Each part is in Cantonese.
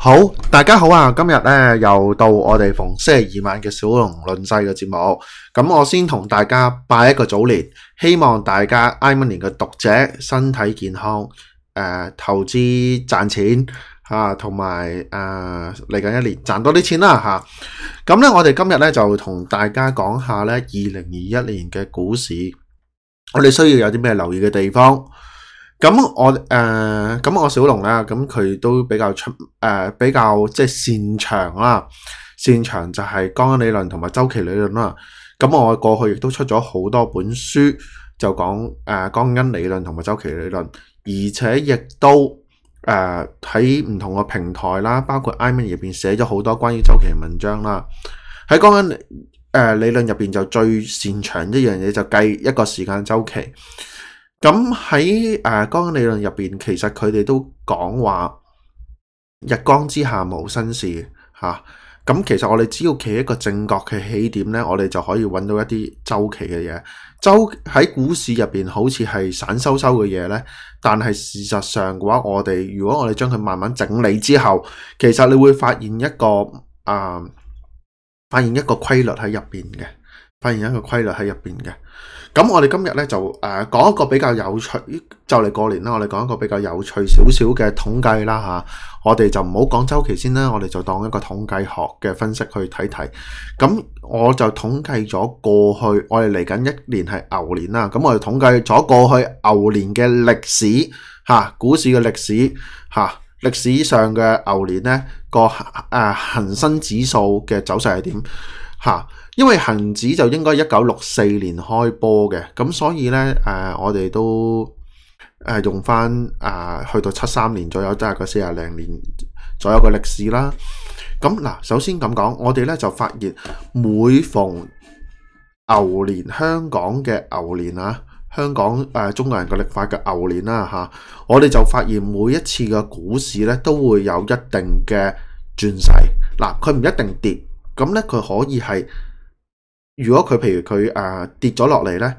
好，大家好啊！今日咧又到我哋逢星期二晚嘅《小龍論勢》嘅節目。咁我先同大家拜一個早年，希望大家 I Money 嘅讀者身體健康，誒，投資賺錢啊，同埋誒嚟緊一年賺多啲錢啦吓。咁咧，我哋今日咧就同大家講下咧二零二一年嘅股市，我哋需要有啲咩留意嘅地方？咁我誒，咁、呃、我小龍啦，咁佢都比較出誒、呃，比較即係擅長啦。擅長就係江恩理論同埋周期理論啦。咁我過去亦都出咗好多本書，就講誒、呃、江恩理論同埋周期理論，而且亦都誒喺唔同嘅平台啦，包括 Iman 入邊寫咗好多關於周期嘅文章啦。喺江恩誒、呃、理論入邊就最擅長一樣嘢，就計一個時間周期。咁喺誒，江恩、呃、理論入邊，其實佢哋都講話，日光之下無新事吓。咁、啊、其實我哋只要企一個正確嘅起點咧，我哋就可以揾到一啲周期嘅嘢。周喺股市入邊，好似係散修修嘅嘢咧，但係事實上嘅話，我哋如果我哋將佢慢慢整理之後，其實你會發現一個啊、呃，發現一個規律喺入邊嘅。發現一個規律喺入邊嘅，咁我哋今日咧就誒講、呃、一個比較有趣，就嚟過年啦，我哋講一個比較有趣少少嘅統計啦吓，我哋就唔好講周期先啦，我哋就當一個統計學嘅分析去睇睇。咁我就統計咗過去，我哋嚟緊一年係牛年啦，咁我哋統計咗過去牛年嘅歷史吓、啊，股市嘅歷史吓，歷、啊、史上嘅牛年呢個誒恆、啊、生指數嘅走勢係點吓。啊因為恒指就應該一九六四年開波嘅，咁所以呢，呃、我哋都用翻啊、呃，去到七三年左右，即係個四十零年左右嘅歷史啦。咁嗱，首先咁講，我哋呢就發現每逢牛年，香港嘅牛年啊，香港、呃、中國人嘅歷法嘅牛年啦，吓，我哋就發現每一次嘅股市呢都會有一定嘅轉勢。嗱，佢唔一定跌，咁呢佢可以係。如果佢譬如佢啊跌咗落嚟咧，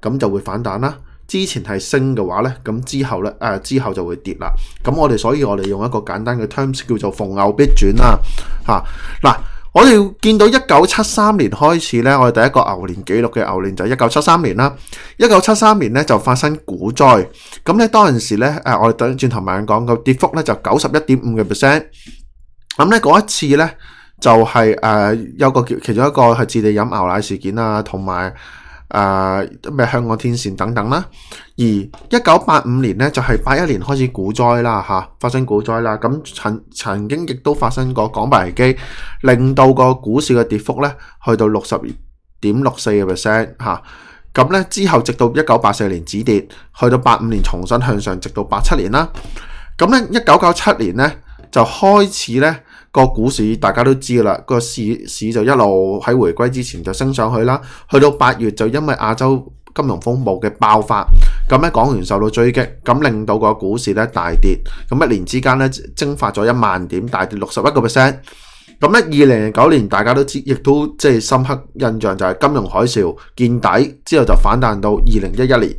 咁就會反彈啦。之前係升嘅話咧，咁之後咧啊之後就會跌啦。咁我哋所以我哋用一個簡單嘅 terms 叫做逢牛必轉啦。嚇嗱，我哋見到一九七三年開始咧，我哋第一個牛年紀錄嘅牛年就係一九七三年啦。一九七三年咧就發生股災，咁咧當陣時咧誒，我哋等轉頭慢慢講個跌幅咧就九十一點五嘅 percent。咁咧嗰一次咧。就係、是、誒、呃、有個叫其中一個係置地飲牛奶事件啊，同埋誒咩香港天線等等啦。而一九八五年呢，就係八一年開始股災啦嚇，發生股災啦。咁曾曾經亦都發生過港幣危機，令到個股市嘅跌幅呢去到六十點六四個 percent 嚇。咁呢之後直到一九八四年止跌，去到八五年重新向上，直到八七年啦。咁呢一九九七年呢，就開始呢。個股市大家都知啦，個市市就一路喺回歸之前就升上去啦，去到八月就因為亞洲金融風暴嘅爆發，咁咧港元受到追擊，咁令到個股市咧大跌，咁一年之間咧蒸發咗一萬點，大跌六十一個 percent，咁咧二零零九年大家都知，亦都即係深刻印象就係金融海嘯見底之後就反彈到二零一一年，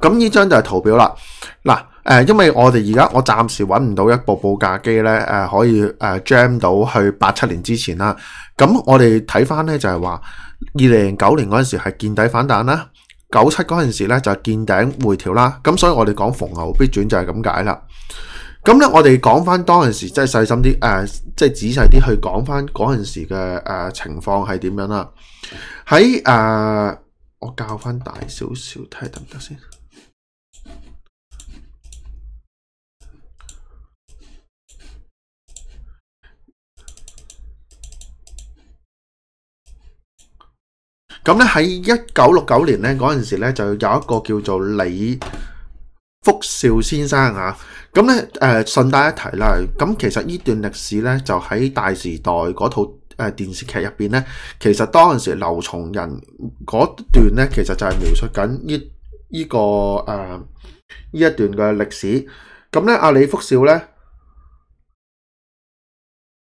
咁呢張就係圖表啦，嗱。誒、呃，因為我哋而家我暫時搵唔到一部報價機咧，誒、呃、可以誒 jam、呃、到去八七年之前啦。咁我哋睇翻咧就係話二零零九年嗰陣時係見底反彈啦，九七嗰陣時咧就係、是、見頂回調啦。咁所以我哋講逢牛必轉就係咁解啦。咁咧我哋講翻當陣時，即係細心啲，誒、呃，即係仔細啲去講翻嗰陣時嘅誒、呃、情況係點樣啦。喺誒、呃，我教翻大少少睇下得唔得先。看看行咁咧喺一九六九年咧嗰陣時咧就有一個叫做李福兆先生啊。咁咧誒，順帶一提啦。咁其實呢段歷史咧就喺《大時代》嗰套誒電視劇入邊咧，其實當陣時劉松仁嗰段咧，其實就係描述緊呢呢個誒呢一段嘅歷史。咁咧阿李福兆咧，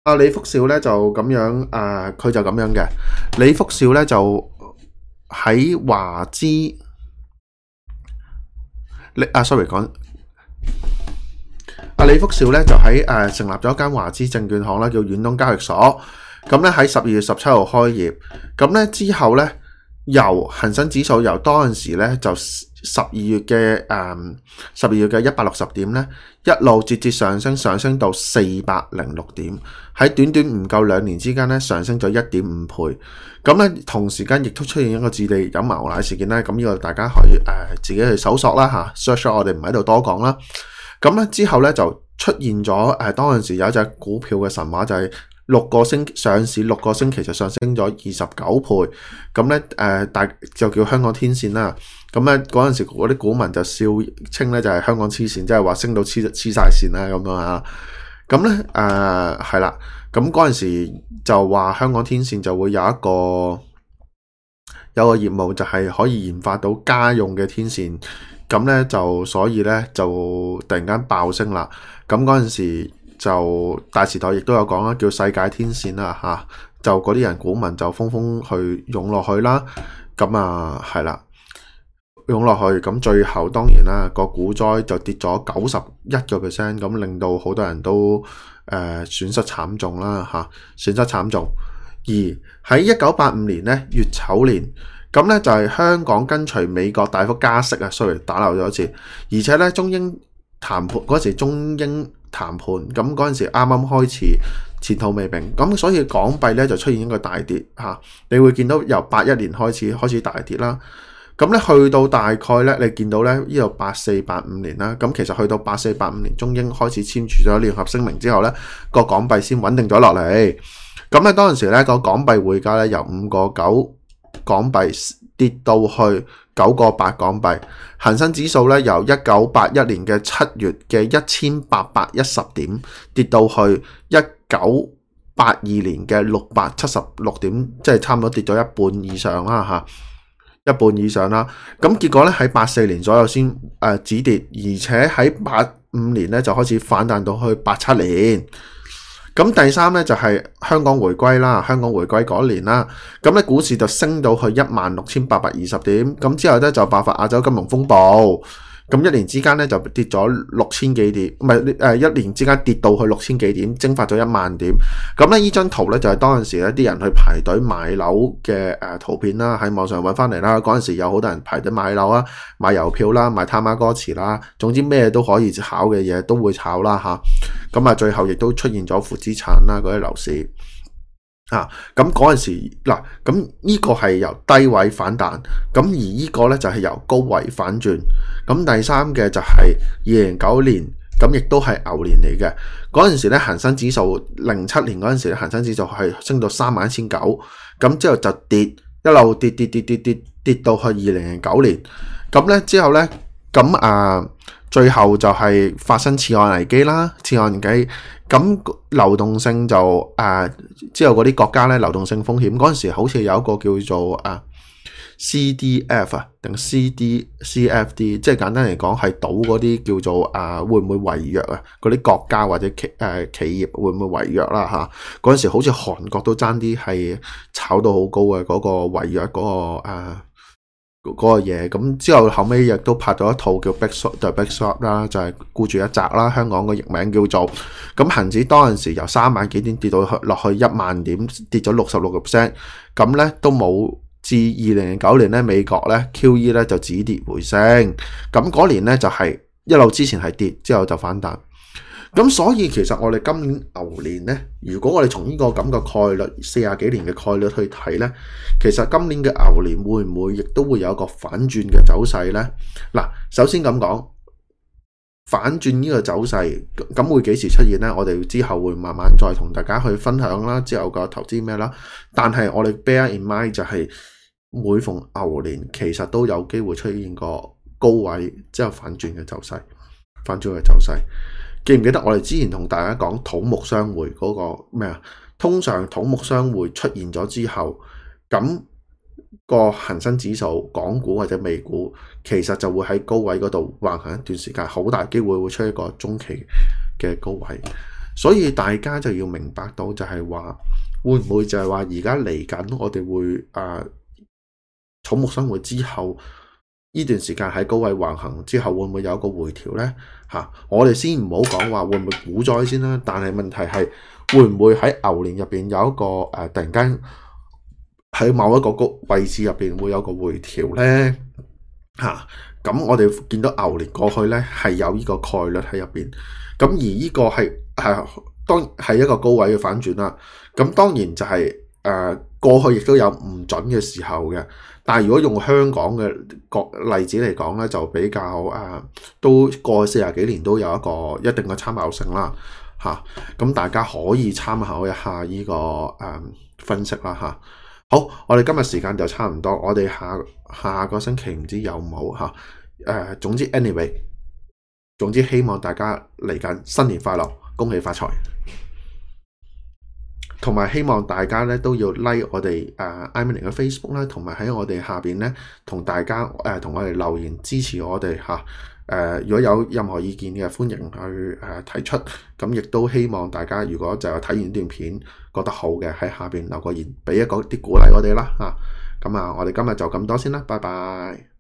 阿李福兆咧就咁樣誒，佢就咁樣嘅李福兆咧就。喺華資，你啊 sorry 講，阿李福兆咧就喺誒、呃、成立咗一間華資證券行啦，叫遠東交易所，咁咧喺十二月十七號開業，咁咧之後咧由恒生指數由當時咧就。十二月嘅誒十二月嘅一百六十點咧，一路節節上升，上升到四百零六點，喺短短唔夠兩年之間咧上升咗一點五倍。咁咧同時間亦都出現一個智利飲牛奶事件咧，咁呢個大家可以誒自己去搜索啦嚇，search 我哋唔喺度多講啦。咁咧之後咧就出現咗誒，當陣時有一隻股票嘅神話就係。六個星上市六個星期就上升咗二十九倍，咁咧誒大就叫香港天線啦，咁咧嗰陣時嗰啲股民就笑稱咧就係香港黐線，即係話升到黐黐晒線啦咁樣啊，咁咧誒係啦，咁嗰陣時就話香港天線就會有一個有一個業務就係可以研發到家用嘅天線，咁咧就所以咧就突然間爆升啦，咁嗰陣時。就大時代亦都有講啦，叫世界天線啦、啊、就嗰啲人股民就紛紛去湧落去啦，咁啊係啦，湧落去咁最後當然啦、個股災就跌咗九十一個 percent，咁令到好多人都誒、呃、損失慘重啦嚇、啊，損失慘重。而喺一九八五年呢，乙丑年，咁呢，就係香港跟隨美國大幅加息啊，sorry 打漏咗一次，而且呢，中英談判嗰時中英。談判咁嗰陣時啱啱開始，前途未明，咁所以港幣咧就出現一個大跌吓。你會見到由八一年開始開始大跌啦，咁咧去到大概咧你見到咧呢度八四八五年啦，咁其實去到八四八五年中英開始簽署咗聯合聲明之後咧，個港幣先穩定咗落嚟。咁咧當陣時咧個港幣匯價咧由五個九港幣，跌到去九個八港幣，恒生指數咧由一九八一年嘅七月嘅一千八百一十點跌到去一九八二年嘅六百七十六點，即係差唔多跌咗一半以上啦，嚇一半以上啦。咁結果咧喺八四年左右先誒止跌，而且喺八五年咧就開始反彈到去八七年。咁第三咧就係香港回歸啦，香港回歸嗰一年啦，咁咧股市就升到去一萬六千八百二十點，咁之後咧就爆發亞洲金融風暴，咁一年之間咧就跌咗六千幾點，唔係誒一年之間跌到去六千幾點，蒸發咗一萬點。咁咧呢張圖咧就係當陣時咧啲人去排隊買樓嘅誒圖片啦，喺網上揾翻嚟啦。嗰陣時有好多人排隊買樓啊，買郵票啦，買他媽哥池啦，總之咩都可以炒嘅嘢都會炒啦嚇。咁啊，最後亦都出現咗負資產啦，嗰啲樓市啊，咁嗰陣時嗱，咁呢個係由低位反彈，咁而呢個咧就係由高位反轉，咁第三嘅就係二零零九年，咁亦都係牛年嚟嘅。嗰陣時咧，恒生指數零七年嗰陣時咧，恆生指數係升到三萬一千九，咁之後就跌，一路跌跌跌跌跌跌到去二零零九年，咁咧之後咧，咁啊。最後就係發生次按危機啦，次按危機，咁流動性就誒、啊、之後嗰啲國家咧流動性風險嗰陣時，好似有一個叫做啊 CDF 啊定 CDCFD，CD，即係簡單嚟講係賭嗰啲叫做啊會唔會違約啊？嗰啲國家或者企誒、啊、企業會唔會違約啦？嗰、啊、陣時好似韓國都爭啲係炒到好高嘅嗰、嗰個違約嗰、嗰個、啊嗰嘢，咁之後後尾亦都拍咗一套叫《Big Short》就《Big Short》啦，就係沽注一擲啦。香港個譯名叫做，咁恒指當陣時由三萬幾點跌到落去一萬點，跌咗六十六個 percent。咁咧都冇至二零零九年咧，美國咧 QE 咧就止跌回升。咁嗰年咧就係一路之前係跌，之後就反彈。咁所以其實我哋今年牛年呢，如果我哋從呢個咁嘅概率四十幾年嘅概率去睇呢，其實今年嘅牛年會唔會亦都會有一個反轉嘅走勢呢？嗱，首先咁講，反轉呢個走勢咁會幾時出現呢？我哋之後會慢慢再同大家去分享啦，之後個投資咩啦？但係我哋 bear in mind 就係每逢牛年，其實都有機會出現個高位之後反轉嘅走勢，反轉嘅走勢。記唔記得我哋之前同大家講土木相會嗰、那個咩啊？通常土木相會出現咗之後，咁、那個恒生指數、港股或者美股，其實就會喺高位嗰度橫行一段時間，好大機會會出一個中期嘅高位。所以大家就要明白到就係話，會唔會就係話而家嚟緊我哋會啊土木相會之後？呢段時間喺高位橫行之後會唔會有一個回調呢？吓、啊，我哋先唔好講話會唔會股災先啦。但係問題係會唔會喺牛年入邊有一個誒、啊，突然間喺某一個個位置入邊會有個回調呢？吓、啊，咁我哋見到牛年過去呢係有呢個概率喺入邊。咁而呢個係係、啊、當係一個高位嘅反轉啦。咁當然就係、是、誒。呃過去亦都有唔準嘅時候嘅，但係如果用香港嘅個例子嚟講呢就比較啊都過去四十幾年，都有一個一定嘅參考性啦，嚇、啊、咁大家可以參考一下呢個誒分析啦，嚇、啊、好，我哋今日時間就差唔多，我哋下下個星期唔知有冇嚇誒，總之 anyway，總之希望大家嚟緊新年快樂，恭喜發財。同埋希望大家咧都要 like 我哋誒艾米尼嘅 Facebook 啦，同埋喺我哋下面咧同大家同、呃、我哋留言支持我哋吓、啊呃、如果有任何意見嘅歡迎去睇、啊、提出，咁亦都希望大家如果就係睇完呢段片覺得好嘅喺下面留個言，俾一個啲鼓勵我哋啦吓咁啊，我哋今日就咁多先啦，拜拜。